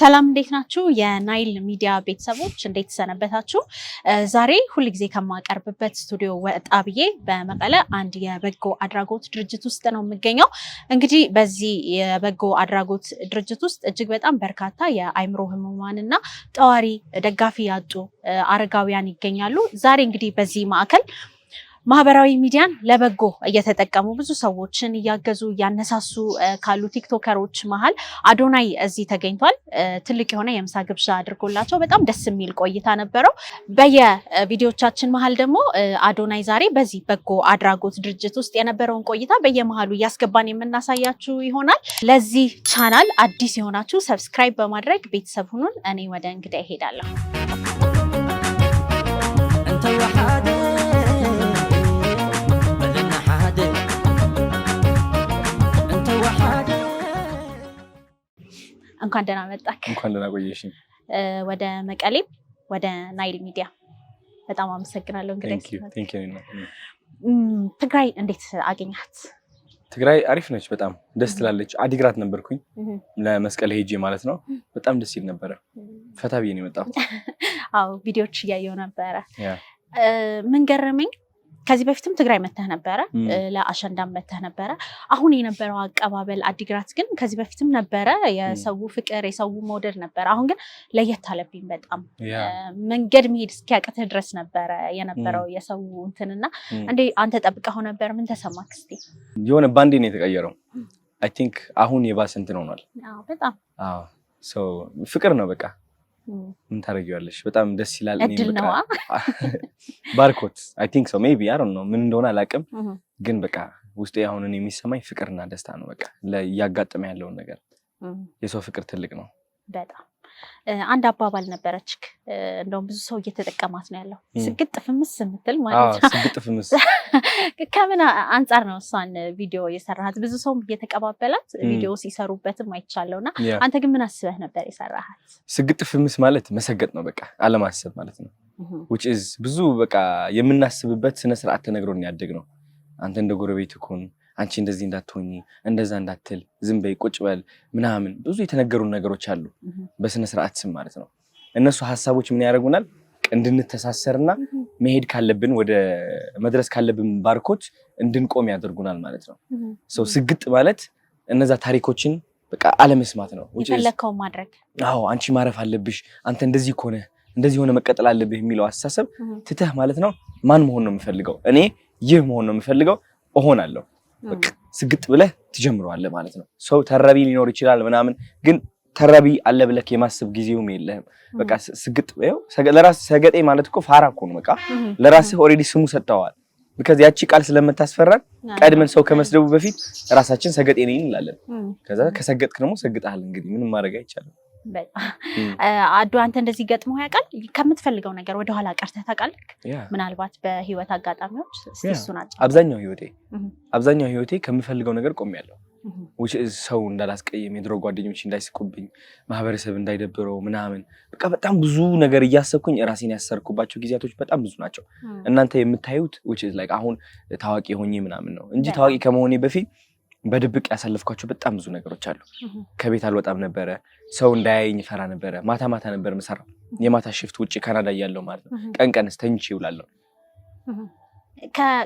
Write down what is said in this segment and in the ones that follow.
ሰላም እንዴት ናችሁ? የናይል ሚዲያ ቤተሰቦች እንዴት ሰነበታችሁ? ዛሬ ሁልጊዜ ከማቀርብበት ስቱዲዮ ወጣ ብዬ በመቀለ አንድ የበጎ አድራጎት ድርጅት ውስጥ ነው የምገኘው። እንግዲህ በዚህ የበጎ አድራጎት ድርጅት ውስጥ እጅግ በጣም በርካታ የአይምሮ ህሙማን እና ጠዋሪ ደጋፊ ያጡ አረጋውያን ይገኛሉ። ዛሬ እንግዲህ በዚህ ማዕከል ማህበራዊ ሚዲያን ለበጎ እየተጠቀሙ ብዙ ሰዎችን እያገዙ እያነሳሱ ካሉ ቲክቶከሮች መሀል አዶናይ እዚህ ተገኝቷል። ትልቅ የሆነ የምሳ ግብዣ አድርጎላቸው በጣም ደስ የሚል ቆይታ ነበረው። በየቪዲዮቻችን መሀል ደግሞ አዶናይ ዛሬ በዚህ በጎ አድራጎት ድርጅት ውስጥ የነበረውን ቆይታ በየመሀሉ እያስገባን የምናሳያችሁ ይሆናል። ለዚህ ቻናል አዲስ የሆናችሁ ሰብስክራይብ በማድረግ ቤተሰብ ሁኑን። እኔ ወደ እንግዳ ይሄዳለሁ። እንኳን ደህና መጣክ። እንኳን ደህና ቆየሽ። ወደ መቀሌም ወደ ናይል ሚዲያ በጣም አመሰግናለሁ። እንግዲህ ትግራይ እንዴት አገኛት? ትግራይ አሪፍ ነች፣ በጣም ደስ ትላለች። አዲግራት ነበርኩኝ ለመስቀል ሄጄ ማለት ነው። በጣም ደስ ይል ነበረ። ፈታ ብዬ ነው የመጣሁት። አዎ ቪዲዮዎች እያየሁ ነበረ። ምን ገረመኝ ከዚህ በፊትም ትግራይ መተህ ነበረ፣ ለአሸንዳም መተህ ነበረ። አሁን የነበረው አቀባበል አዲግራት ግን ከዚህ በፊትም ነበረ፣ የሰው ፍቅር የሰው መውደድ ነበረ። አሁን ግን ለየት አለብኝ በጣም መንገድ መሄድ እስኪያቅትህ ድረስ ነበረ የነበረው የሰው እንትንና እንደ አንተ ጠብቀኸው ነበር? ምን ተሰማ? ክስቲ የሆነ ባንዴ ነው የተቀየረው። አይ ቲንክ አሁን የባስ እንትን ሆኗል። በጣም ፍቅር ነው በቃ ምን ታደርጊዋለሽ? በጣም ደስ ይላል። እድል ነዋ ባርኮት አይ ቲንክ ሶ ሜይ ቢ አይ ዶንት ኖ ምን እንደሆነ አላውቅም፣ ግን በቃ ውስጤ አሁንን የሚሰማኝ ፍቅርና ደስታ ነው። በቃ እያጋጠመ ያለውን ነገር የሰው ፍቅር ትልቅ ነው በጣም አንድ አባባል ነበረች፣ እንደውም ብዙ ሰው እየተጠቀማት ነው ያለው፣ ስግጥ ፍምስ የምትል ማለት ነው። ከምን አንጻር ነው እሷን ቪዲዮ የሰራሃት? ብዙ ሰውም እየተቀባበላት ቪዲዮ ሲሰሩበትም አይቻለው እና አንተ ግን ምን አስበህ ነበር የሰራሃት? ስግጥ ፍምስ ማለት መሰገጥ ነው፣ በቃ አለማሰብ ማለት ነው። which ብዙ በቃ የምናስብበት ስነስርዓት ተነግሮን ያደግ ነው። አንተ እንደ ጎረቤት ኩን አንቺ እንደዚህ እንዳትሆኝ እንደዛ እንዳትል ዝም በይ ቁጭ በል ምናምን ብዙ የተነገሩን ነገሮች አሉ፣ በስነ ስርዓት ስም ማለት ነው። እነሱ ሀሳቦች ምን ያደርጉናል? እንድንተሳሰርና መሄድ ካለብን ወደ መድረስ ካለብን ባርኮች እንድንቆም ያደርጉናል ማለት ነው። ሰው ስግጥ ማለት እነዛ ታሪኮችን በቃ አለመስማት ነው። የፈለግከውን ማድረግ። አዎ አንቺ ማረፍ አለብሽ፣ አንተ እንደዚህ ከሆነ እንደዚህ ሆነ መቀጠል አለብህ የሚለው አስተሳሰብ ትተህ ማለት ነው። ማን መሆን ነው የምፈልገው? እኔ ይህ መሆን ነው የምፈልገው፣ እሆናለሁ ስግጥ ብለህ ትጀምረዋለህ ማለት ነው። ሰው ተረቢ ሊኖር ይችላል ምናምን፣ ግን ተረቢ አለ ብለህ የማስብ ጊዜውም የለህም። በቃ ስግጥ ለራስህ ሰገጤ ማለት እኮ ፋራ እኮ ነው። በቃ ለራስህ ኦልሬዲ ስሙ ሰጥተዋል። ከዚ ያቺ ቃል ስለምታስፈራን ቀድመን ሰው ከመስደቡ በፊት ራሳችን ሰገጤ ነኝ እንላለን። ከዛ ከሰገጥክ ደግሞ ሰግጠሃል። እንግዲህ ምንም ማድረግ አይቻልም። አዱ አንተ እንደዚህ ገጥሞ ያውቃል? ከምትፈልገው ነገር ወደኋላ ቀርተህ ታውቃለህ? ምናልባት በህይወት አጋጣሚዎች እሱ ናቸው። አብዛኛው ህይወቴ አብዛኛው ህይወቴ ከምፈልገው ነገር ቆሜያለሁ። ሰው እንዳላስቀይም፣ የድሮ ጓደኞች እንዳይስቁብኝ፣ ማህበረሰብ እንዳይደብረው ምናምን በቃ በጣም ብዙ ነገር እያሰብኩኝ ራሴን ያሰርኩባቸው ጊዜያቶች በጣም ብዙ ናቸው። እናንተ የምታዩት አሁን ታዋቂ ሆኜ ምናምን ነው እንጂ ታዋቂ ከመሆኔ በፊት በድብቅ ያሳለፍኳቸው በጣም ብዙ ነገሮች አሉ። ከቤት አልወጣም ነበረ። ሰው እንዳያየኝ ፈራ ነበረ። ማታ ማታ ነበር የምሰራው። የማታ ሽፍት ውጭ ካናዳ እያለሁ ማለት ነው። ቀን ቀንስ ተኝቼ ይውላለሁ።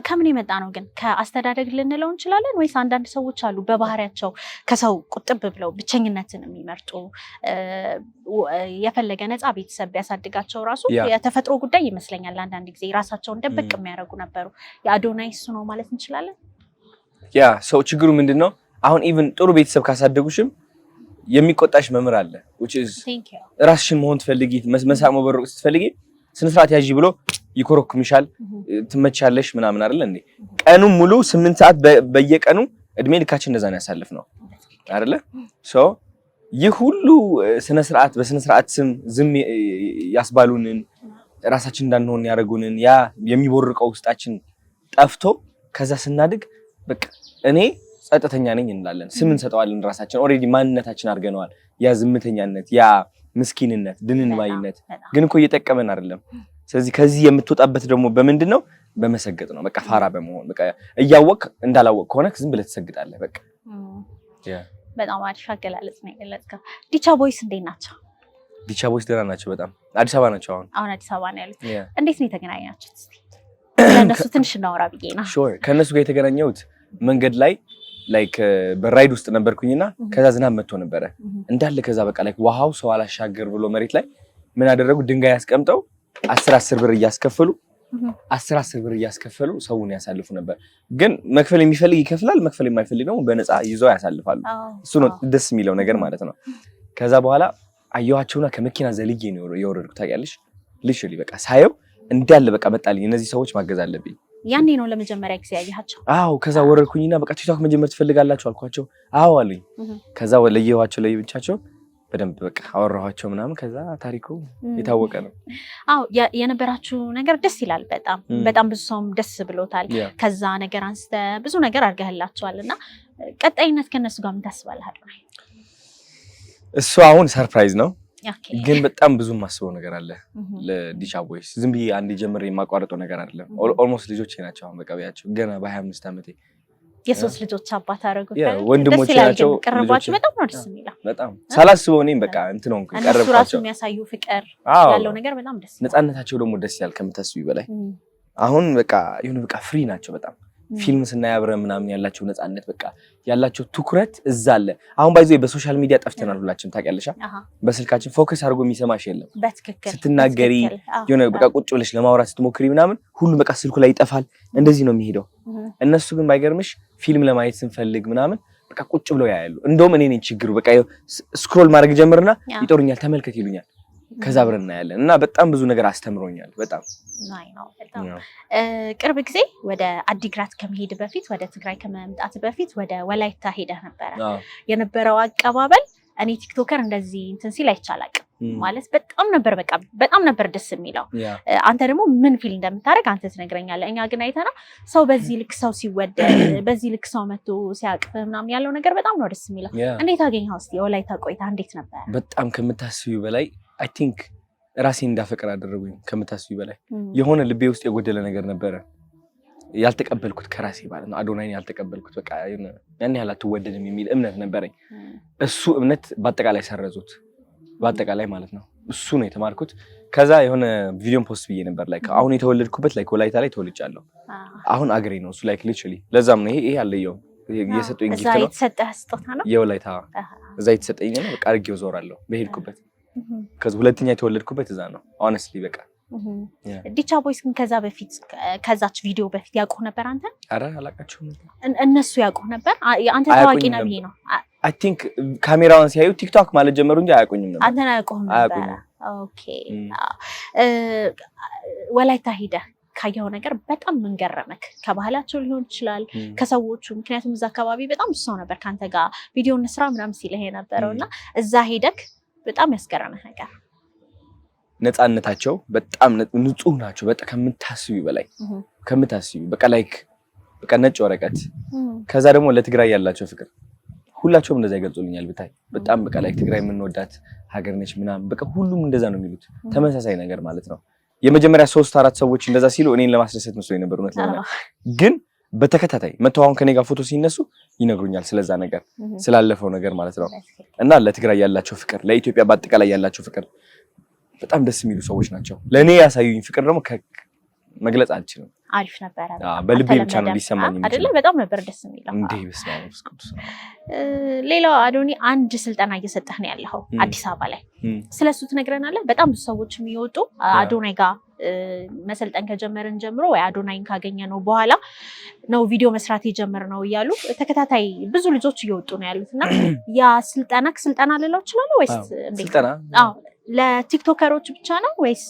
ከምን የመጣ ነው ግን? ከአስተዳደግ ልንለው እንችላለን ወይስ አንዳንድ ሰዎች አሉ በባህሪያቸው ከሰው ቁጥብ ብለው ብቸኝነትን የሚመርጡ የፈለገ ነፃ ቤተሰብ ቢያሳድጋቸው ራሱ የተፈጥሮ ጉዳይ ይመስለኛል። አንዳንድ ጊዜ ራሳቸውን ደበቅ የሚያደርጉ ነበሩ። የአዶናይ እሱ ነው ማለት እንችላለን። ያ ሰው ችግሩ ምንድን ነው? አሁን ኢቭን ጥሩ ቤተሰብ ካሳደጉሽም የሚቆጣሽ መምህር አለ። ራስሽን መሆን ትፈልጊ፣ መሳቅ፣ መበረቅ ስትፈልጊ ስነስርዓት ያዥ ብሎ ይኮረኩምሻል። mm-hmm. ትመቻለሽ ምናምን አይደለ እንዴ? ቀኑን ሙሉ ስምንት ሰዓት በየቀኑ እድሜ ልካችን እንደዛ ነው ያሳልፍ ነው አይደለ? ይህ ሁሉ ስነስርዓት በስነስርዓት ስም ዝም ያስባሉንን ራሳችን እንዳንሆን ያደረጉንን ያ የሚቦርቀው ውስጣችን ጠፍቶ ከዛ ስናድግ በቃ እኔ ጸጥተኛ ነኝ እንላለን፣ ስም እንሰጠዋለን። ራሳችን ኦልሬዲ ማንነታችን አድርገነዋል። ያ ዝምተኛነት፣ ያ ምስኪንነት፣ ድንማይነት ግን እኮ እየጠቀመን አይደለም። ስለዚህ ከዚህ የምትወጣበት ደግሞ በምንድን ነው? በመሰገጥ ነው። በቃ ፋራ በመሆን በቃ እያወቅ እንዳላወቅ ከሆነ ዝም ብለህ ትሰግጣለህ። በቃ በጣም አሪፍ አገላለጽ ነው የገለጽከው። ዲቻ ቦይስ እንዴት ናቸው? ዲቻ ቦይስ ደህና ናቸው። በጣም አዲስ አበባ ናቸው። አሁን አሁን አዲስ አበባ ነው ያሉት። እንዴት ነው የተገናኛችሁት? ስለእነሱ ትንሽ እናወራ ብዬ ነው። ከእነሱ ጋር የተገናኘሁት መንገድ ላይ ላይክ uh, በራይድ ውስጥ ነበርኩኝና ከዛ ዝናብ መጥቶ ነበረ እንዳለ ከዛ በቃ ላይክ ውሃው ሰው አላሻገር ብሎ መሬት ላይ ምን አደረጉ ድንጋይ ያስቀምጠው አስር አስር ብር እያስከፈሉ አስር አስር ብር እያስከፈሉ ሰውን ያሳልፉ ነበር። ግን መክፈል የሚፈልግ ይከፍላል፣ መክፈል የማይፈልግ ደግሞ በነፃ ይዘው ያሳልፋሉ። እሱ ነው ደስ የሚለው ነገር ማለት ነው። ከዛ በኋላ አየኋቸውና ከመኪና ዘልዬ ነው የወረድኩ ታውቂያለሽ። ልሽ በቃ ሳየው እንዳለ በቃ መጣልኝ፣ እነዚህ ሰዎች ማገዝ አለብኝ ያኔ ነው ለመጀመሪያ ጊዜ ያያቸው። አዎ። ከዛ ወረድኩኝና በቃ ቲክቶክ መጀመር ትፈልጋላችሁ አልኳቸው። አዎ አሉኝ። ከዛ ለየኋቸው፣ ለየብቻቸው በደንብ በቃ አወራኋቸው ምናምን። ከዛ ታሪኩ የታወቀ ነው። አዎ የነበራችሁ ነገር ደስ ይላል። በጣም በጣም ብዙ ሰውም ደስ ብሎታል። ከዛ ነገር አንስተ ብዙ ነገር አድርገህላቸዋል እና ቀጣይነት ከእነሱ ጋር ምን ታስባለህ? እሱ አሁን ሰርፕራይዝ ነው ግን በጣም ብዙ የማስበው ነገር አለ ለዲቻ ቦይስ። ዝም ብዬ አንድ ጀምር የማቋረጠው ነገር አይደለም። ኦልሞስት ልጆች ናቸው። አሁን በቀቢያቸው ገና በሀያ አምስት ዓመቴ የሶስት ልጆች አባት አደረጉታል። ወንድሞች ናቸው። ቀረባችሁ። በጣም ነው ደስ የሚለው። በጣም ሳላስበው እኔም በቃ እንትን ሆንኩ። እነሱ ራሱ የሚያሳዩ ፍቅር ያለው ነገር በጣም ደስ ነፃነታቸው ደግሞ ደስ ያል ከምታስቢ በላይ አሁን በቃ የሆነ በቃ ፍሪ ናቸው በጣም ፊልም ስናያብረ ምናምን ያላቸው ነፃነት በቃ ያላቸው ትኩረት እዛ አለ። አሁን ባይዞ በሶሻል ሚዲያ ጠፍተናል። ሁላችንም ታውቂያለሽ፣ በስልካችን ፎከስ አድርጎ የሚሰማሽ የለም። ስትናገሪ የሆነ በቃ ቁጭ ብለሽ ለማውራት ስትሞክሪ ምናምን ሁሉም በቃ ስልኩ ላይ ይጠፋል። እንደዚህ ነው የሚሄደው። እነሱ ግን ባይገርምሽ ፊልም ለማየት ስንፈልግ ምናምን በቃ ቁጭ ብለው ያያሉ። እንደውም እኔ ነኝ ችግሩ። በቃ ስክሮል ማድረግ ጀምርና ይጦሩኛል፣ ተመልከት ይሉኛል ከዛ አብረን እናያለን እና በጣም ብዙ ነገር አስተምሮኛል። በጣም ቅርብ ጊዜ ወደ አዲግራት ከመሄድ በፊት ወደ ትግራይ ከመምጣት በፊት ወደ ወላይታ ሄደህ ነበረ። የነበረው አቀባበል እኔ ቲክቶከር እንደዚህ እንትን ሲል አይቻላቅ ማለት በጣም ነበር በቃ በጣም ነበር ደስ የሚለው። አንተ ደግሞ ምን ፊል እንደምታደርግ አንተ ትነግረኛለህ። እኛ ግን አይተና ሰው በዚህ ልክ ሰው ሲወደድ በዚህ ልክ ሰው መቶ ሲያቅፍ ምናምን ያለው ነገር በጣም ነው ደስ የሚለው። እንዴት አገኘኸው? እስኪ የወላይታ ቆይታ እንዴት ነበር? በጣም ከምታስቢው በላይ አይ ቲንክ ራሴን እንዳፈቅር አደረጉኝ። ከምታስቢ በላይ የሆነ ልቤ ውስጥ የጎደለ ነገር ነበረ ያልተቀበልኩት ከራሴ ማለት ነው። አዶናይ ያልተቀበልኩት በቃ ያን ያህል አትወደድም የሚል እምነት ነበረኝ። እሱ እምነት በአጠቃላይ ሰረዙት፣ በአጠቃላይ ማለት ነው። እሱ ነው የተማርኩት። ከዛ የሆነ ቪዲዮን ፖስት ብዬ ነበር ላይ አሁን የተወለድኩበት ላይ ወላይታ ላይ ተወልጃለሁ። አሁን አገሬ ነው እሱ ላይክ ሊችሊ ለዛም ነው ይሄ ይሄ አለየው የሰጠኝ ጊፍት ነው። የወላይታ እዛ የተሰጠኝ ነው። በቃ አድርጌው ዞራለሁ በሄድኩበት ከዚ ሁለተኛ የተወለድኩበት እዛ ነው። ኦነስትሊ በቃ ዲቻ ቦይስ ግን ከዛ በፊት ከዛች ቪዲዮ በፊት ያውቁህ ነበር አንተ? አረ አላቃቸው ነበር። እነሱ ያውቁህ ነበር? አንተ ታዋቂ ነህ ብዬ ነው። አይ ቲንክ ካሜራውን ሲያዩ ቲክቶክ ማለት ጀመሩ እንጂ አያውቁኝም ነበር። አንተን አያውቁህም ነበር። ኦኬ ወላይታ ሄደህ ካየው ነገር በጣም ምን ከባህላቸው ሊሆን ይችላል ከሰዎቹ። ምክንያቱም እዛ አካባቢ በጣም ብዙ ነበር ከአንተ ጋር ቪዲዮ እንስራ ምናምን ሲልህ የነበረው እና እዛ ሄደክ በጣም ያስገረመህ ነገር? ነፃነታቸው በጣም ንጹህ ናቸው። በጣም ከምታስቢ በላይ ከምታስቢ በቃ ላይክ በቃ ነጭ ወረቀት። ከዛ ደግሞ ለትግራይ ያላቸው ፍቅር ሁላቸውም እንደዛ ይገልጹልኛል ብታይ። በጣም በቃ ላይክ ትግራይ የምንወዳት ሀገር ነች ምናምን በቃ ሁሉም እንደዛ ነው የሚሉት ተመሳሳይ ነገር ማለት ነው። የመጀመሪያ ሶስት አራት ሰዎች እንደዛ ሲሉ እኔን ለማስደሰት መስሎኝ ነበር እውነት ግን በተከታታይ መተው አሁን ከኔ ጋር ፎቶ ሲነሱ ይነግሩኛል ስለዛ ነገር ስላለፈው ነገር ማለት ነው። እና ለትግራይ ያላቸው ፍቅር፣ ለኢትዮጵያ በአጠቃላይ ያላቸው ፍቅር በጣም ደስ የሚሉ ሰዎች ናቸው። ለእኔ ያሳዩኝ ፍቅር ደግሞ መግለጽ አልችልም። አሪፍ ነበረ። በልቤ ብቻ ነው ሊሰማኝ አይደለ? በጣም ነበር ደስ የሚለው። ሌላው አዶኒ አንድ ስልጠና እየሰጠህ ነው ያለው አዲስ አበባ ላይ፣ ስለሱ ትነግረናለህ? በጣም ብዙ ሰዎች የሚወጡ አዶናይ ጋር መሰልጠን ከጀመርን ጀምሮ ወይ አዶናይን ካገኘ ነው በኋላ ነው ቪዲዮ መስራት የጀመር ነው እያሉ ተከታታይ ብዙ ልጆች እየወጡ ነው ያሉት። እና ያ ስልጠና ስልጠና ልለው ችላለ ወይስ ስልጠና ለቲክቶከሮች ብቻ ነው ወይስ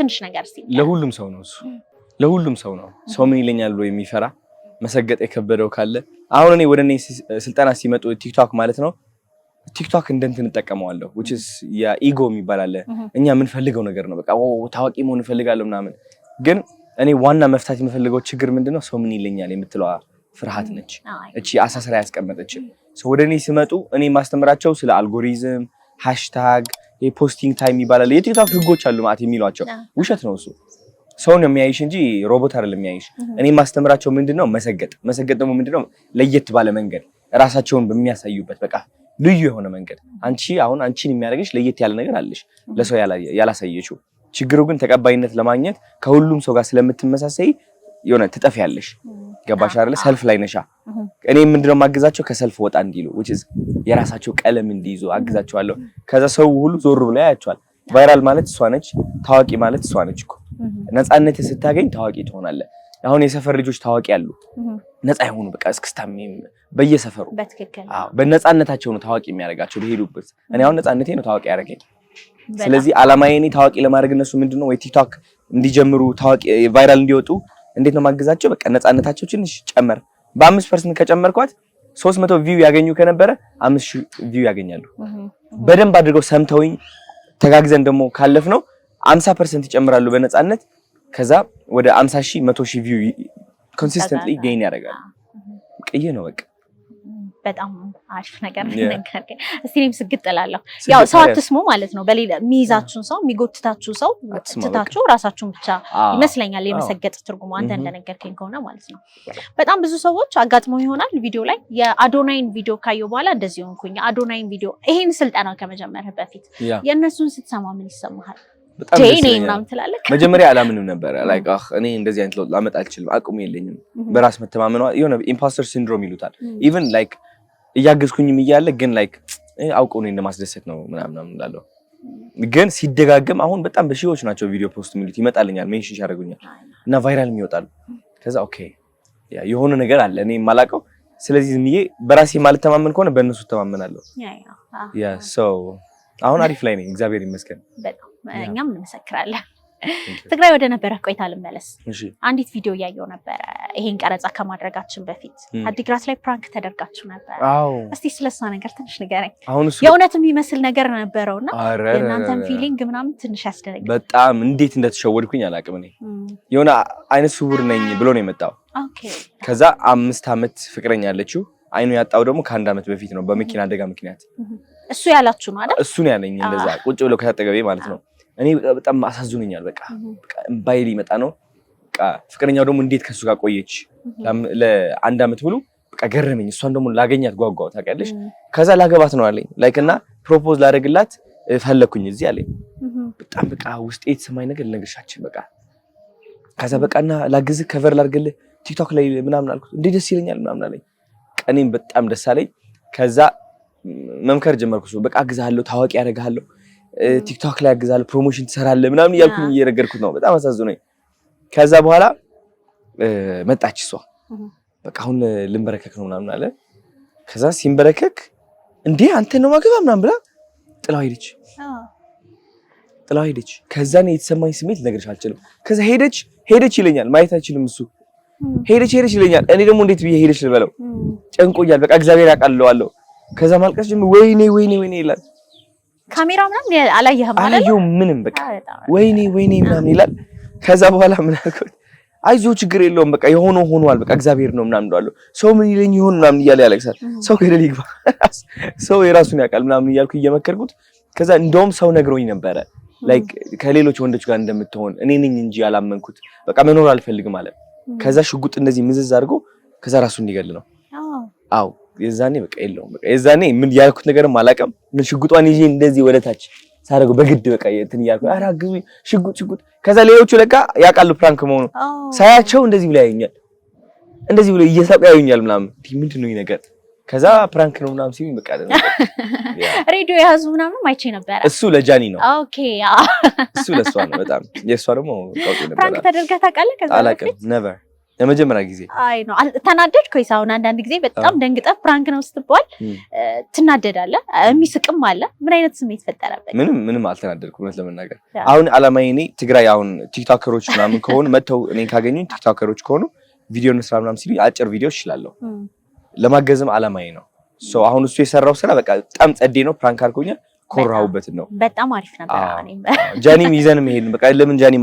ትንሽ ነገር? ለሁሉም ሰው ነው እሱ፣ ለሁሉም ሰው ነው። ሰው ምን ይለኛል ብሎ የሚፈራ መሰገጥ የከበደው ካለ አሁን እኔ ወደ እኔ ስልጠና ሲመጡ ቲክቶክ ማለት ነው ቲክቶክ እንደ እንጠቀመዋለሁ which is የኢጎ የሚባል አለ። እኛ የምንፈልገው ነገር ነው። በቃ ታዋቂ መሆን እንፈልጋለሁ ምናምን፣ ግን እኔ ዋና መፍታት የምፈልገው ችግር ምንድነው ሰው ምን ይለኛል የምትለዋ ፍርሃት ነች። እቺ አሳስራ ያስቀመጠች ሰው ወደ እኔ ሲመጡ እኔ ማስተምራቸው ስለ አልጎሪዝም፣ ሃሽታግ፣ የፖስቲንግ ታይም ይባላል የቲክቶክ ህጎች አሉ ማለት የሚሏቸው ውሸት ነው እሱ ሰውን የሚያይሽ እንጂ ሮቦት አይደለም የሚያይሽ። እኔ ማስተምራቸው ምንድነው መሰገጥ መሰገጥ ደግሞ ምንድነው ለየት ባለ መንገድ ራሳቸውን በሚያሳዩበት በቃ ልዩ የሆነ መንገድ አንቺ አሁን አንቺን የሚያደርግሽ ለየት ያለ ነገር አለሽ ለሰው ያላሳየችው። ችግሩ ግን ተቀባይነት ለማግኘት ከሁሉም ሰው ጋር ስለምትመሳሰይ የሆነ ያለሽ ገባሽ አይደለ? ሰልፍ ላይ ነሻ። እኔ ምንድነው ማግዛቸው ከሰልፍ ወጣ እንዲሉ የራሳቸው ቀለም እንዲይዙ አግዛቸዋለሁ። ከዛ ሰው ሁሉ ዞር ብሎ ያያቸዋል። ቫይራል ማለት እሷ ነች፣ ታዋቂ ማለት እሷ ነች እኮ። ነፃነት ስታገኝ ታዋቂ ትሆናለህ። አሁን የሰፈር ልጆች ታዋቂ ያሉ ነፃ የሆኑ በቃ እስክስታም በየሰፈሩ በነፃነታቸው ነው ታዋቂ የሚያደርጋቸው ሄዱበት። እኔ አሁን ነፃነቴ ነው ታዋቂ ያደረገኝ። ስለዚህ አላማዬ እኔ ታዋቂ ለማድረግ እነሱ ምንድን ነው ወይ ቲክቶክ እንዲጀምሩ ታዋቂ ቫይራል እንዲወጡ እንዴት ነው ማገዛቸው? በቃ ነፃነታቸው ትንሽ ጨመር በአምስት ፐርሰንት ከጨመርኳት ሶስት መቶ ቪው ያገኙ ከነበረ አምስት ሺህ ቪው ያገኛሉ። በደንብ አድርገው ሰምተውኝ ተጋግዘን ደግሞ ካለፍ ነው አምሳ ፐርሰንት ይጨምራሉ በነፃነት ከዛ ወደ 50 ሺህ 100 ሺህ ቪው ኮንሲስተንትሊ ጌን ያደርጋል። ቅዬ ነው በቃ በጣም አሪፍ ነገር ነገር እስቲ እኔም ስግጥ እላለሁ። ያው ሰው አትስሙ ማለት ነው። በሌላ የሚይዛችሁን ሰው የሚጎትታችሁ ሰው ትታችሁ ራሳችሁን ብቻ ይመስለኛል የመሰገጥ ትርጉሙ አንተ እንደነገርከኝ ከሆነ ማለት ነው። በጣም ብዙ ሰዎች አጋጥመው ይሆናል ቪዲዮ ላይ የአዶናይን ቪዲዮ ካየው በኋላ እንደዚህ ሆንኩኝ። አዶናይን ቪዲዮ ይሄን ስልጠና ከመጀመርህ በፊት የእነሱን ስትሰማ ምን ይሰማሃል? መጀመሪያ አላምንም ነበረ። እኔ እንደዚህ አይነት ለውጥ ላመጣ አልችልም፣ አቅሙ የለኝም። በራስ መተማመኗ የሆነ ኢምፓስተር ሲንድሮም ይሉታል። ኢቨን ላይክ እያገዝኩኝም እያለ ግን ላይክ አውቀው እኔን እንደማስደሰት ነው ምናምን እላለሁ። ግን ሲደጋገም አሁን በጣም በሺዎች ናቸው ቪዲዮ ፖስት የሚሉት ይመጣልኛል፣ ሜንሽን ያደርጉኛል እና ቫይራል ይወጣሉ። ከዛ ኦኬ የሆነ ነገር አለ እኔ የማላውቀው። ስለዚህ ዝም ብዬ በራሴ ማልተማመን ከሆነ በእነሱ እተማመናለሁ። አሁን አሪፍ ላይ ነኝ፣ እግዚአብሔር ይመስገን። በጣም እኛም እንመሰክራለን። ትግራይ ወደ ነበረ ቆይታ ልመለስ። አንዲት ቪዲዮ እያየው ነበረ፣ ይሄን ቀረጻ ከማድረጋችን በፊት አዲግራት ላይ ፕራንክ ተደርጋችሁ ነበር። እስቲ ስለሷ ነገር ትንሽ ንገረኝ። የእውነት የሚመስል ነገር ነበረው እና የእናንተን ፊሊንግ ምናምን ትንሽ ያስደረግ። በጣም እንዴት እንደተሸወድኩኝ አላቅም። እኔ የሆነ አይነት ስውር ነኝ ብሎ ነው የመጣው። ከዛ አምስት ዓመት ፍቅረኛ አለችው። አይኑ ያጣው ደግሞ ከአንድ ዓመት በፊት ነው በመኪና አደጋ ምክንያት እሱ ያላችሁ ነው አይደል? እሱ ነው ያለኝ። እንደዛ ቁጭ ብሎ ከታጠገቤ ማለት ነው። እኔ በጣም አሳዝኑኛል። በቃ እምባዬ ሊመጣ ነው። በቃ ፍቅረኛው ደግሞ እንዴት ከሱ ጋር ቆየች ለአንድ አመት ብሎ በቃ ገረመኝ። እሷን ደግሞ ላገኛት ጓጓው ታውቂያለሽ። ከዛ ላገባት ነው አለኝ ላይክ እና ፕሮፖዝ ላደረግላት ፈለግኩኝ እዚህ አለኝ። በጣም በቃ ውስጤ የተሰማኝ ነገር ልነግርሻችን በቃ ከዛ በቃ በቃና ላግዝህ ከቨር ላድርግልህ ቲክቶክ ላይ ምናምን አልኩት። እንዴ ደስ ይለኛል ምናምን አለኝ። ቀኔም በጣም ደስ አለኝ። ከዛ መምከር ጀመርኩ። በቃ አግዛለሁ፣ ታዋቂ ያደርግሃለሁ፣ ቲክቶክ ላይ አግዛለሁ፣ ፕሮሞሽን ትሰራለህ ምናምን እያልኩኝ እየነገርኩት ነው። በጣም አሳዝኖኝ ከዛ በኋላ መጣች እሷ። በቃ አሁን ልንበረከክ ነው ምናምን አለ። ከዛ ሲንበረከክ እንዴ አንተ ነው ማገባ ምናምን ብላ ጥላው ሄደች፣ ጥላው ሄደች። ከዛ ነው የተሰማኝ ስሜት ልነግርሽ አልችልም። ከዛ ሄደች ሄደች ይለኛል፣ ማየት አይችልም እሱ ሄደች ሄደች ይለኛል። እኔ ደግሞ እንዴት ብዬ ሄደች ልበለው? ጨንቆኛል። በቃ እግዚአብሔር ያውቃል እለዋለሁ ከዛ ማልቀስ ጀመረ። ወይኔ ወይኔ ወይኔ ይላል። ካሜራ ምናምን አላየህም አይደል? አላየሁም ምንም በቃ ወይኔ ወይኔ ምናምን ይላል። ከዛ በኋላ ምን አልኩት፣ አይዞህ ችግር የለውም በቃ የሆኖ ሆኗል፣ በቃ እግዚአብሔር ነው ምናምን እንዳለው ሰው ምን ይለኝ ይሆን ምናምን እያለ ያለቅሳል። ሰው ገደል ይግባ፣ ሰው የራሱን ያውቃል ምናምን እያልኩ እየመከርኩት፣ ከዛ እንደውም ሰው ነግሮኝ ነበረ ላይክ ከሌሎች ወንዶች ጋር እንደምትሆን እኔ ነኝ እንጂ ያላመንኩት፣ በቃ መኖር አልፈልግም አለ። ከዛ ሽጉጥ እንደዚህ ምዝዝ አድርጎ ከዛ ራሱ እንዲገል ነው። አዎ የዛኔ በቃ የለውም። በቃ የዛኔ ምን ያልኩት ነገርም አላውቅም። ምን ሽጉጧን ይዤ እንደዚህ ወደታች ሳደርገው በግድ በቃ እንትን እያልኩ ኧረ አግዙ ሽጉጥ ሽጉጥ። ከዛ ሌሎቹ ለካ ያውቃሉ ፕራንክ መሆኑ ሳያቸው እንደዚህ ብሎ ያዩኛል፣ እንደዚህ ብሎ እየሳቁ ያዩኛል ምናምን። ምንድን ነው ይህ ነገር? ከዛ ፕራንክ ነው ምናምን ሲሉኝ በቃ ሬዲዮ የያዙ ምናምን አይቼ ነበረ። እሱ ለጃኒ ነው። ኦኬ እሱ ለእሷ ነው። በጣም የእሷ ደግሞ ፕራንክ ተደርጋ ታውቃለህ? ከዛ አላውቅም ነቨር ለመጀመሪያ ጊዜ አይ ነው ተናደድኩ። አሁን አንዳንድ ጊዜ በጣም ደንግጠህ ፕራንክ ነው ስትባል ትናደዳለህ። የሚስቅም አለ። ምን አይነት ስሜት ፈጠረበት? ምንም ምንም አልተናደድኩም። እውነት ለመናገር አሁን አላማዬ እኔ ትግራይ አሁን ቲክቶከሮች ምናምን ከሆኑ መጥተው እኔ ካገኙኝ ቲክቶከሮች ከሆኑ ቪዲዮ እንስራ ምናምን ሲሉኝ አጭር ቪዲዮ እችላለሁ። ለማገዝም አላማዬ ነው። አሁን እሱ የሰራው ስራ በቃ በጣም ጸዴ ነው። ፕራንክ አድርጎኛል። ኮራሁበትን ነው። በጣም አሪፍ ነበር። ጃኒም ይዘን መሄድ በቃ ለምን ጃኒ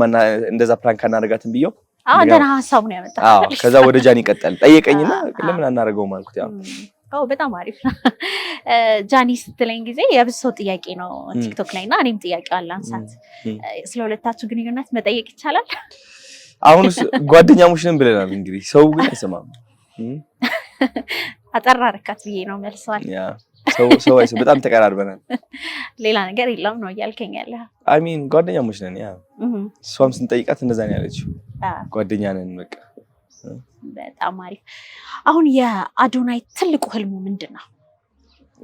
እንደዛ ፕራንክ አናደርጋትን ብየው አዎ ደህና ሀሳቡ ነው ያመጣ። ከዛ ወደ ጃኒ ቀጠል ጠየቀኝና ለምን አናደርገውም አልኩት። ያው አዎ በጣም አሪፍ ነው። ጃኒ ስትለኝ ጊዜ የብዙ ሰው ጥያቄ ነው ቲክቶክ ላይ እና እኔም ጥያቄ አለ አንሳት። ስለ ሁለታችሁ ግንኙነት መጠየቅ ይቻላል? አሁን ጓደኛሞች ነን ብለናል። እንግዲህ ሰው ግን አይሰማም። አጠራ ረካት ብዬ ነው መልሰዋል። ሰው በጣም ተቀራርበናል። ሌላ ነገር የለም ነው እያልከኝ ያለ። አይ ሚን ጓደኛሞች ነን። ያ እሷም ስንጠይቃት እንደዛ ነው ያለችው። ጓደኛ ነን በቃ። በጣም አሪፍ። አሁን የአዶናይ ትልቁ ህልሙ ምንድን ነው?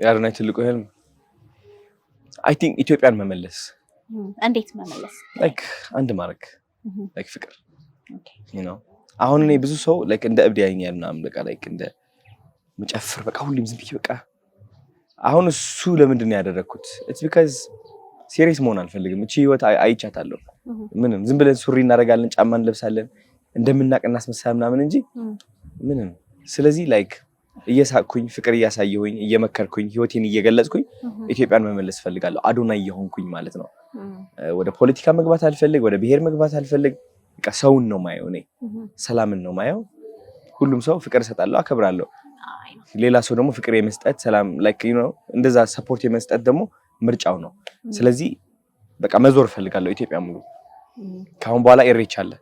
የአዶናይ ትልቁ ህልም አይ ቲንክ ኢትዮጵያን መመለስ። እንዴት መመለስ? ላይክ አንድ ማድረግ ላይክ ፍቅር አሁን እኔ ብዙ ሰው ላይክ እንደ እብድ ያኛል ምናምን በቃ ላይክ እንደ መጨፍር በቃ ሁሉም ዝም ብዬ በቃ አሁን እሱ ለምንድን ነው ያደረግኩት? ኢትስ ቢካዝ ሴሪየስ መሆን አልፈልግም። እቺ ህይወት አይቻታለሁ ምንም ዝም ብለን ሱሪ እናደርጋለን፣ ጫማ እንለብሳለን፣ እንደምናቅ እናስመስላል ምናምን እንጂ ምንም። ስለዚህ ላይክ እየሳቅኩኝ ፍቅር እያሳየሁኝ እየመከርኩኝ ህይወቴን እየገለጽኩኝ ኢትዮጵያን መመለስ ፈልጋለሁ። አዶና እየሆንኩኝ ማለት ነው። ወደ ፖለቲካ መግባት አልፈልግ፣ ወደ ብሔር መግባት አልፈልግ። በቃ ሰውን ነው ማየው፣ እኔ ሰላምን ነው ማየው። ሁሉም ሰው ፍቅር እሰጣለሁ፣ አከብራለሁ። ሌላ ሰው ደግሞ ፍቅር የመስጠት ሰላም፣ ላይክ እንደዛ ሰፖርት የመስጠት ደግሞ ምርጫው ነው። ስለዚህ በቃ መዞር እፈልጋለሁ ኢትዮጵያ ሙሉ። ከአሁን በኋላ ኢሬቻ አለ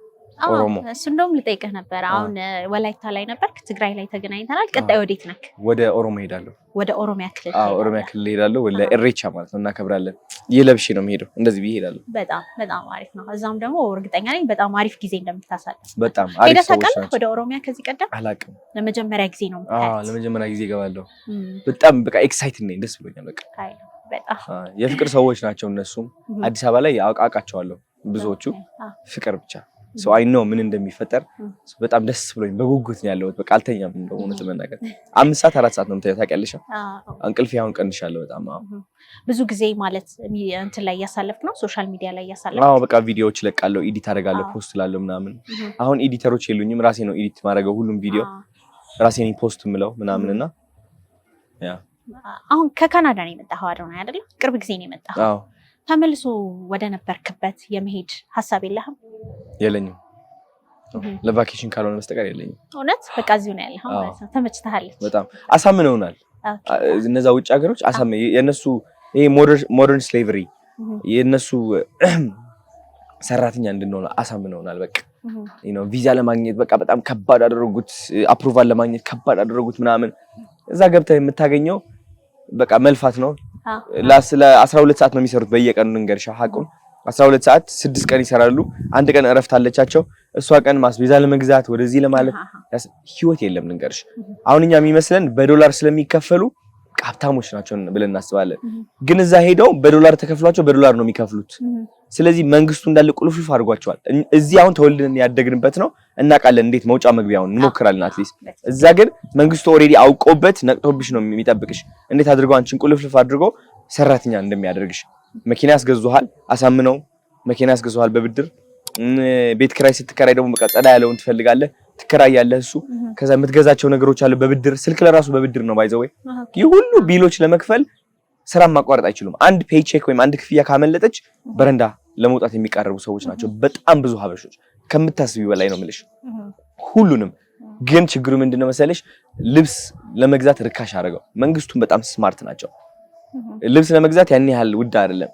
ኦሮሞ እሱ እንደውም ልጠይቅህ ነበር። አሁን ወላይታ ላይ ነበርክ፣ ትግራይ ላይ ተገናኝተናል። ቀጣይ ወዴት ነክ? ወደ ኦሮሞ ሄዳለሁ፣ ወደ ኦሮሚያ ክልል። አዎ ኦሮሚያ ክልል ሄዳለሁ፣ ወደ ኤሬቻ ማለት ነው። እናከብራለን። ይህ ለብሼ ነው የሚሄደው። እንደዚህ ብዬ ሄዳለሁ። በጣም በጣም አሪፍ ነው። እዛም ደግሞ እርግጠኛ ነኝ በጣም አሪፍ ጊዜ እንደምታሳልፍ። በጣም አሪፍ ሄደህ ታውቃለህ? ወደ ኦሮሚያ ከዚህ ቀደም አላውቅም። ለመጀመሪያ ጊዜ ነው። አዎ ለመጀመሪያ ጊዜ እገባለሁ። በጣም በቃ ኤክሳይትድ ነኝ፣ ደስ ብሎኛል። በቃ አይ በጣም የፍቅር ሰዎች ናቸው እነሱም። አዲስ አበባ ላይ አውቃቸዋለሁ ብዙዎቹ ፍቅር ብቻ ሰው አይ ነው ምን እንደሚፈጠር በጣም ደስ ብሎኝ በጉጉት ነው ያለሁት። በቃ አልተኛም እንደው እውነት ለመናገር አምስት ሰዓት አራት ሰዓት ነው የምተኛው ታውቂያለሽ። እንቅልፍ አሁን ቀንሻለሁ በጣም ብዙ ጊዜ ማለት እንትን ላይ እያሳለፍክ ነው፣ ሶሻል ሚዲያ ላይ እያሳለፍክ? አዎ በቃ ቪዲዮዎች እለቃለሁ፣ ኤዲት አደርጋለሁ፣ ፖስት እላለሁ ምናምን። አሁን ኤዲተሮች የሉኝም፣ ራሴ ነው ኤዲት ማድረገው ሁሉም ቪዲዮ ራሴ ነኝ ፖስት ምለው ምናምን እና ያ አሁን ከካናዳ ነው የመጣኸው አደሆነ አይደለ? ቅርብ ጊዜ ነው የመጣኸው። ተመልሶ ወደ ነበርክበት የመሄድ ሀሳብ የለህም? የለኝም። ለቫኬሽን ካልሆነ መስጠቀር የለኝም። እውነት በቃ እዚሁ ነው ያለ። ማለት ተመችተሃለች? በጣም አሳምነውናል እነዛ ውጭ ሀገሮች አሳም የእነሱ ይሄ ሞደርን ስሌቨሪ የእነሱ ሰራተኛ እንድንሆነ አሳምነውናል። በቃ ቪዛ ለማግኘት በቃ በጣም ከባድ አደረጉት፣ አፕሩቫል ለማግኘት ከባድ አደረጉት ምናምን። እዛ ገብተህ የምታገኘው በቃ መልፋት ነው። ለ ለ12 ሰዓት ነው የሚሰሩት በየቀኑ ንገርሻ ሀቁን አስራ ሰዓት ስድስት ቀን ይሰራሉ። አንድ ቀን እረፍት አለቻቸው። እሷ ቀን ማስቤዛ ለመግዛት ወደዚህ ለማለት ህይወት የለም ንገርሽ። አሁን እኛ የሚመስለን በዶላር ስለሚከፈሉ ሀብታሞች ናቸው ብለን እናስባለን። ግን እዛ ሄደው በዶላር ተከፍሏቸው በዶላር ነው የሚከፍሉት። ስለዚህ መንግስቱ እንዳለ ቁልፍልፍ አድርጓቸዋል። እዚህ አሁን ተወልደን ያደግንበት ነው እናውቃለን፣ እንዴት መውጫ መግቢያውን እንሞክራለን። አትሊስት እዛ ግን መንግስቱ ኦልሬዲ አውቆበት ነቅቶብሽ ነው የሚጠብቅሽ፣ እንዴት አድርገው አንቺን ቁልፍልፍ አድርጎ ሰራተኛ እንደሚያደርግሽ። መኪና ያስገዙሃል፣ አሳምነው መኪና ያስገዙሃል በብድር ቤት ክራይ ስትከራይ ደግሞ በቃ ጸዳ ያለውን ትፈልጋለህ፣ ትከራያለህ። እሱ ከዛ የምትገዛቸው ነገሮች አለ በብድር ስልክ ለራሱ በብድር ነው ባይዘወይ ይህ ሁሉ ቢሎች ለመክፈል ስራ ማቋረጥ አይችሉም። አንድ ፔይቼክ ወይም አንድ ክፍያ ካመለጠች በረንዳ ለመውጣት የሚቃረቡ ሰዎች ናቸው። በጣም ብዙ ሀበሾች ከምታስቢ በላይ ነው የምልሽ ሁሉንም። ግን ችግሩ ምንድነው መሰለሽ ልብስ ለመግዛት ርካሽ አድርገው መንግስቱም በጣም ስማርት ናቸው። ልብስ ለመግዛት ያን ያህል ውድ አይደለም።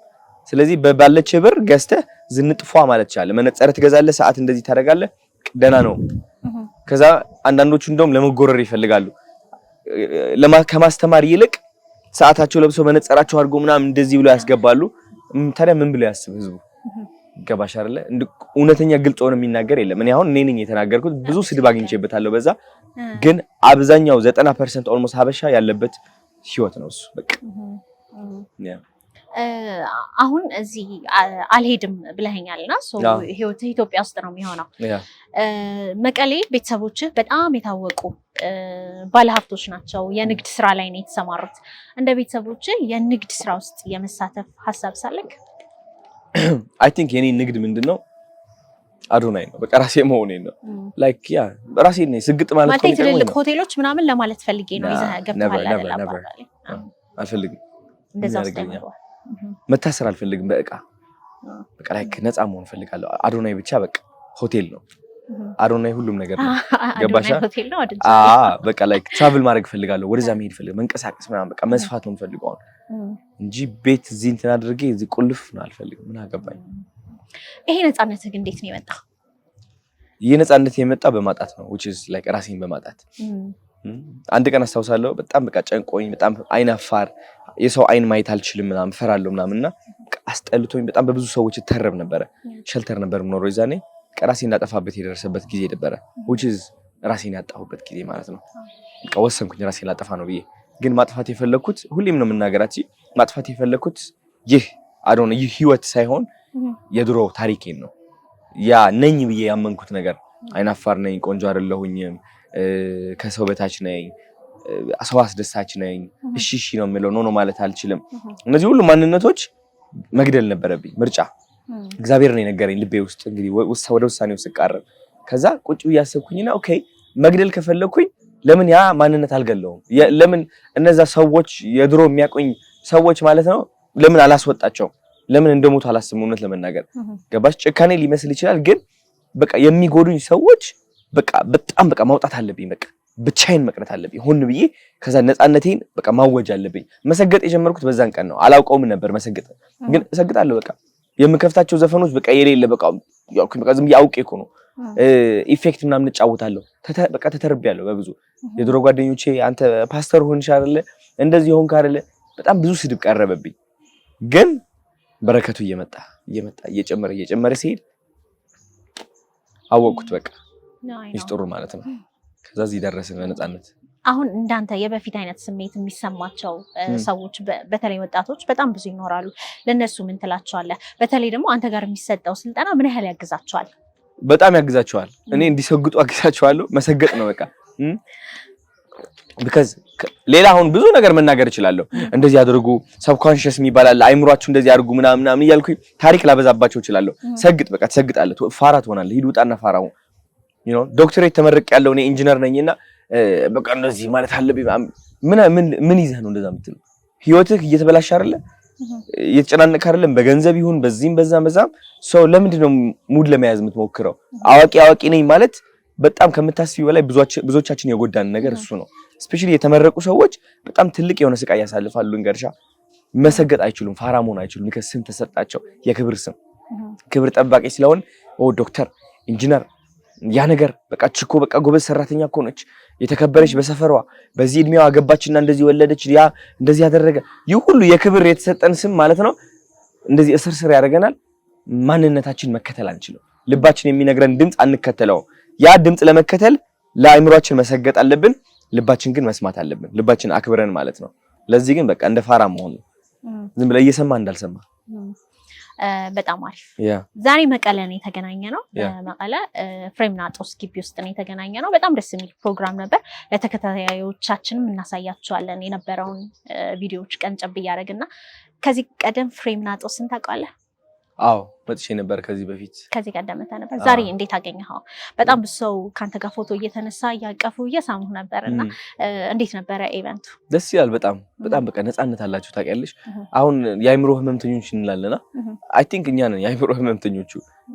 ስለዚህ ባለች ብር ገዝተ ዝንጥፏ ማለት ይቻላል። መነጸር ትገዛለ፣ ሰዓት እንደዚህ ታደርጋለ ደህና ነው። ከዛ አንዳንዶቹ እንደውም ለመጎረር ይፈልጋሉ ከማስተማር ይልቅ ሰዓታቸው ለብሰው መነጽራቸው አድርጎ ምናምን እንደዚህ ብለው ያስገባሉ። ታዲያ ምን ብለው ያስብ ህዝቡ? ገባሽ አይደለ? እውነተኛ ግልጽ ሆነ የሚናገር የለም። እኔ አሁን እኔ ነኝ የተናገርኩት፣ ብዙ ስድብ አግኝቼበታለሁ በዛ። ግን አብዛኛው ዘጠና ፐርሰንት ኦልሞስት ሀበሻ ያለበት ህይወት ነው እሱ በቃ አሁን እዚህ አልሄድም ብለኸኛል እና ህይወት ኢትዮጵያ ውስጥ ነው የሚሆነው። መቀሌ ቤተሰቦችህ በጣም የታወቁ ባለሀብቶች ናቸው። የንግድ ስራ ላይ ነው የተሰማሩት። እንደ ቤተሰቦች የንግድ ስራ ውስጥ የመሳተፍ ሀሳብ ሳለክ? አይ ቲንክ የኔ ንግድ ምንድን ነው አዶናይ ነው። በቃ ራሴ መሆኔ ነው። ላይክ ያ ራሴ ነኝ። ስግጥ ማለት ነው። ትልልቅ ሆቴሎች ምናምን ለማለት ፈልጌ ነው። ይዘህ ገብተሃል አይደል? አልፈልግም እንደዛ መታሰር አልፈልግም። በእቃ በቃ ላይክ ነፃ መሆን ፈልጋለሁ። አዶናይ ብቻ በቃ ሆቴል ነው አዶናይ ሁሉም ነገር ነው። ገባሻ? ሆቴል ነው በቃ ላይክ ትራቭል ማድረግ ፈልጋለሁ። ወደዛ መሄድ ፈልገ መንቀሳቀስ ምናምን በቃ መስፋት ነው የምፈልገው እንጂ ቤት እዚህ እንትን አድርጌ እዚህ ቁልፍ ነው አልፈልግም። ምን አገባኝ። ይሄ ነፃነት ግን እንዴት ነው የመጣ? ይህ ነፃነት የመጣ በማጣት ነው። which is like ራሴን በማጣት አንድ ቀን አስታውሳለሁ። በጣም በቃ ጨንቆኝ በጣም አይናፋር የሰው አይን ማየት አልችልም ምናምን እፈራለሁ ምናምን እና አስጠልቶኝ በጣም በብዙ ሰዎች እተረብ ነበረ። ሸልተር ነበር ምኖረ ዛ ራሴን ላጠፋበት የደረሰበት ጊዜ ነበረ። ራሴን ያጣሁበት ጊዜ ማለት ነው። በቃ ወሰንኩኝ ራሴን ላጠፋ ነው ብዬ። ግን ማጥፋት የፈለግኩት ሁሌም ነው የምናገራት ማጥፋት የፈለግኩት ይህ አዶነ ይህ ህይወት ሳይሆን የድሮ ታሪኬን ነው። ያ ነኝ ብዬ ያመንኩት ነገር አይናፋር ነኝ፣ ቆንጆ አይደለሁኝም፣ ከሰው በታች ነኝ፣ ሰው አስደሳች ነኝ እሺ እሺ ነው የምለው፣ ኖ ኖ ማለት አልችልም። እነዚህ ሁሉ ማንነቶች መግደል ነበረብኝ ምርጫ። እግዚአብሔር ነው የነገረኝ ልቤ ውስጥ እንግዲህ ወደ ውሳኔው ስቃረብ፣ ከዛ ቁጭ እያሰብኩኝና ኦኬ መግደል ከፈለግኩኝ ለምን ያ ማንነት አልገለውም? ለምን እነዛ ሰዎች የድሮ የሚያቆኝ ሰዎች ማለት ነው ለምን አላስወጣቸውም? ለምን ሞቱ አላስብም? እውነት ለመናገር ገባሽ? ጭካኔ ሊመስል ይችላል፣ ግን በቃ የሚጎዱኝ ሰዎች በቃ በጣም በቃ ማውጣት አለብኝ በቃ ብቻዬን መቅረት አለብኝ ሆን ብዬ ከዛ ነፃነቴን በቃ ማወጅ አለብኝ። መሰገጥ የጀመርኩት በዛን ቀን ነው። አላውቀውም ነበር መሰገጥ፣ ግን እሰግጣለሁ። በቃ የምከፍታቸው ዘፈኖች በቃ የሌለ በቃ ዝም ብዬ አውቄ እኮ ነው ኢፌክት ምናምን እጫወታለሁ። በቃ ተተርቤያለሁ በብዙ የድሮ ጓደኞቼ አንተ ፓስተር ሆንሽ አይደለ እንደዚህ ሆንክ አይደለ በጣም ብዙ ስድብ ቀረበብኝ። ግን በረከቱ እየመጣ እየመጣ እየጨመረ እየጨመረ ሲሄድ አወቅኩት። በቃ ሚስጥሩ ማለት ነው። ከዛ እዚህ ደረስን በነፃነት። አሁን እንዳንተ የበፊት አይነት ስሜት የሚሰማቸው ሰዎች በተለይ ወጣቶች በጣም ብዙ ይኖራሉ። ለእነሱ ምን ትላቸዋለህ? በተለይ ደግሞ አንተ ጋር የሚሰጠው ስልጠና ምን ያህል ያግዛቸዋል? በጣም ያግዛቸዋል። እኔ እንዲሰግጡ አግዛቸዋለሁ። መሰገጥ ነው በቃ ቢካዝ ሌላ አሁን ብዙ ነገር መናገር እችላለሁ። እንደዚህ አድርጉ ሰብኮንሽስ የሚባላል አይምሯችሁ እንደዚህ አድርጉ ምናምን ምናምን እያልኩኝ ታሪክ ላበዛባቸው እችላለሁ። ሰግጥ በቃ ትሰግጣለህ፣ ፋራ ትሆናለህ። ሂድ ውጣና ፋራው ዶክተሬት ተመረቅ ያለው እኔ ኢንጂነር ነኝና በቃ እንደዚህ ማለት አለብኝ። ምን ይዘህ ነው እንደዛ የምትለው? ህይወትህ እየተበላሽ አይደለ? እየተጨናነቅ አይደለም? በገንዘብ ይሁን በዚህም በዛም በዛም ሰው ለምንድን ነው ሙድ ለመያዝ የምትሞክረው? አዋቂ አዋቂ ነኝ ማለት በጣም ከምታስቢ በላይ ብዙዎቻችን የጎዳን ነገር እሱ ነው። ስፔሻሊ የተመረቁ ሰዎች በጣም ትልቅ የሆነ ስቃይ ያሳልፋሉ። እንገርሻ መሰገጥ አይችሉም፣ ፋራ መሆን አይችሉም። ስም ተሰጣቸው የክብር ስም ክብር ጠባቂ ስለሆን ዶክተር ኢንጂነር ያ ነገር በቃ ችኮ በቃ ጎበዝ ሰራተኛ እኮ ነች፣ የተከበረች በሰፈሯ በዚህ እድሜዋ አገባችና እንደዚህ ወለደች፣ ያ እንደዚህ ያደረገ ይህ ሁሉ የክብር የተሰጠን ስም ማለት ነው እንደዚህ እስር ስር ያደርገናል። ማንነታችን መከተል አንችለው። ልባችን የሚነግረን ድምፅ አንከተለውም። ያ ድምፅ ለመከተል ለአእምሯችን መሰገጥ አለብን። ልባችን ግን መስማት አለብን። ልባችን አክብረን ማለት ነው። ለዚህ ግን በቃ እንደ ፋራ ነው። ዝም ብለህ እየሰማ እንዳልሰማ በጣም አሪፍ። ዛሬ መቀለ ነው የተገናኘ ነው። መቀለ ፍሬምናጦስ ግቢ ውስጥ ነው የተገናኘ ነው። በጣም ደስ የሚል ፕሮግራም ነበር። ለተከታታዮቻችንም እናሳያቸዋለን የነበረውን ቪዲዮዎች ቀንጨብ እያደረግና ከዚህ ቀደም ፍሬም ፍሬምናጦስን ታውቃለህ? አዎ መጥቼ ነበር ከዚህ በፊት ከዚህ ቀደም መጥተህ ነበር። ዛሬ እንዴት አገኘኸው? በጣም ብዙ ሰው ከአንተ ጋር ፎቶ እየተነሳ እያቀፉ እየሳሙ ነበር እና እንዴት ነበረ ኢቨንቱ? ደስ ይላል በጣም በጣም በቃ ነፃነት አላችሁ ታውቂያለሽ። አሁን የአይምሮ ህመምተኞች እንላለና አይ ቲንክ እኛ ነን የአይምሮ ህመምተኞቹ።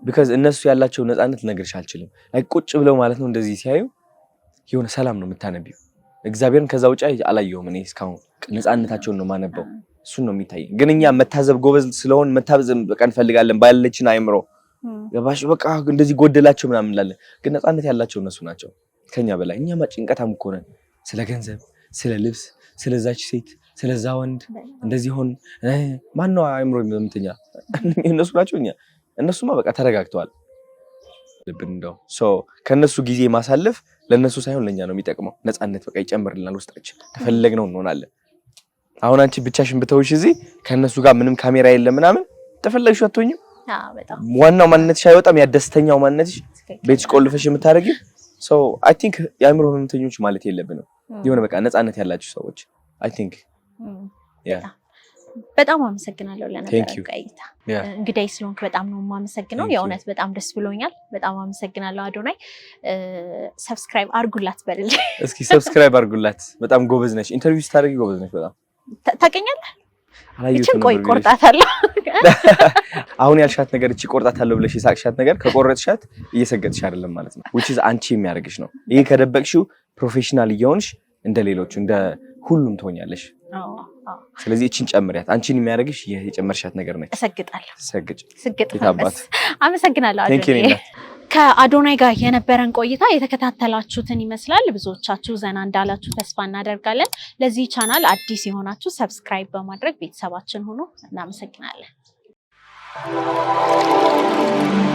ቢካዝ እነሱ ያላቸው ነፃነት ልነግርሽ አልችልም። ቁጭ ብለው ማለት ነው እንደዚህ ሲያዩ የሆነ ሰላም ነው የምታነቢው። እግዚአብሔርን ከዛ ውጭ አላየሁም እኔ እስካሁን። ነፃነታቸውን ነው ማነበው። እሱን ነው የሚታይ። ግን እኛ መታዘብ ጎበዝ ስለሆን መታዘብ በቃ እንፈልጋለን ባለችን አይምሮ ገባሽ? በቃ እንደዚህ ጎደላቸው ምናምን እንላለን። ግን ነፃነት ያላቸው እነሱ ናቸው ከኛ በላይ። እኛማ ጭንቀታም እኮ ነን ስለ ገንዘብ፣ ስለ ልብስ፣ ስለዛች ሴት፣ ስለዛ ወንድ እንደዚህ ሆን። ነው አይምሮ የምትኛ? እነሱ ናቸው እኛ። እነሱማ በቃ ተረጋግተዋል። ልብን እንደው ከእነሱ ጊዜ ማሳለፍ ለእነሱ ሳይሆን ለእኛ ነው የሚጠቅመው። ነፃነት በቃ ይጨምርልናል ውስጣችን። ተፈለግነው እንሆናለን። አሁን አንቺ ብቻሽን ብተውሽ እዚህ ከእነሱ ጋር ምንም ካሜራ የለም ምናምን ተፈለግሽ አትሆኝም። ዋናው ማንነትሽ አይወጣም። ያደስተኛው ማንነትሽ ቤትሽ ቆልፈሽ የምታደርጊ ሰው አይ ቲንክ የአእምሮ ህመምተኞች ማለት የለብንም። የሆነ በቃ ነፃነት ያላችሁ ሰዎች አይ ቲንክ ያ በጣም አመሰግናለሁ ለነበረው ቆይታ። እንግዳይ ስለሆንክ በጣም ነው የማመሰግነው። የእውነት በጣም ደስ ብሎኛል። በጣም አመሰግናለሁ አዶናይ። ሰብስክራይብ አርጉላት በልል እስኪ፣ ሰብስክራይብ አርጉላት። በጣም ጎበዝ ነች። ኢንተርቪው ስታደርጊ ጎበዝ ነች በጣም ታውቀኛለህ? ይችን ቆይ ቆርጣታለሁ። አሁን ያልሻት ነገር እቺ ቆርጣታለሁ ብለሽ የሳቅሻት ነገር ከቆረጥሻት እየሰገጥሽ አይደለም ማለት ነው። ዊች ኢዝ አንቺ የሚያደርግሽ ነው። ይሄ ከደበቅሽው ፕሮፌሽናል እየሆንሽ እንደ ሌሎቹ እንደ ሁሉም ትሆኛለሽ። ስለዚህ እቺን ጨምሪያት። አንቺን የሚያደርግሽ የጨመርሻት ነገር ነች። እሰግጣለሁ። ሰግጭ። ስግጥ። አመሰግናለሁ። ከአዶናይ ጋር የነበረን ቆይታ የተከታተላችሁትን ይመስላል። ብዙዎቻችሁ ዘና እንዳላችሁ ተስፋ እናደርጋለን። ለዚህ ቻናል አዲስ የሆናችሁ ሰብስክራይብ በማድረግ ቤተሰባችን ሆኖ እናመሰግናለን።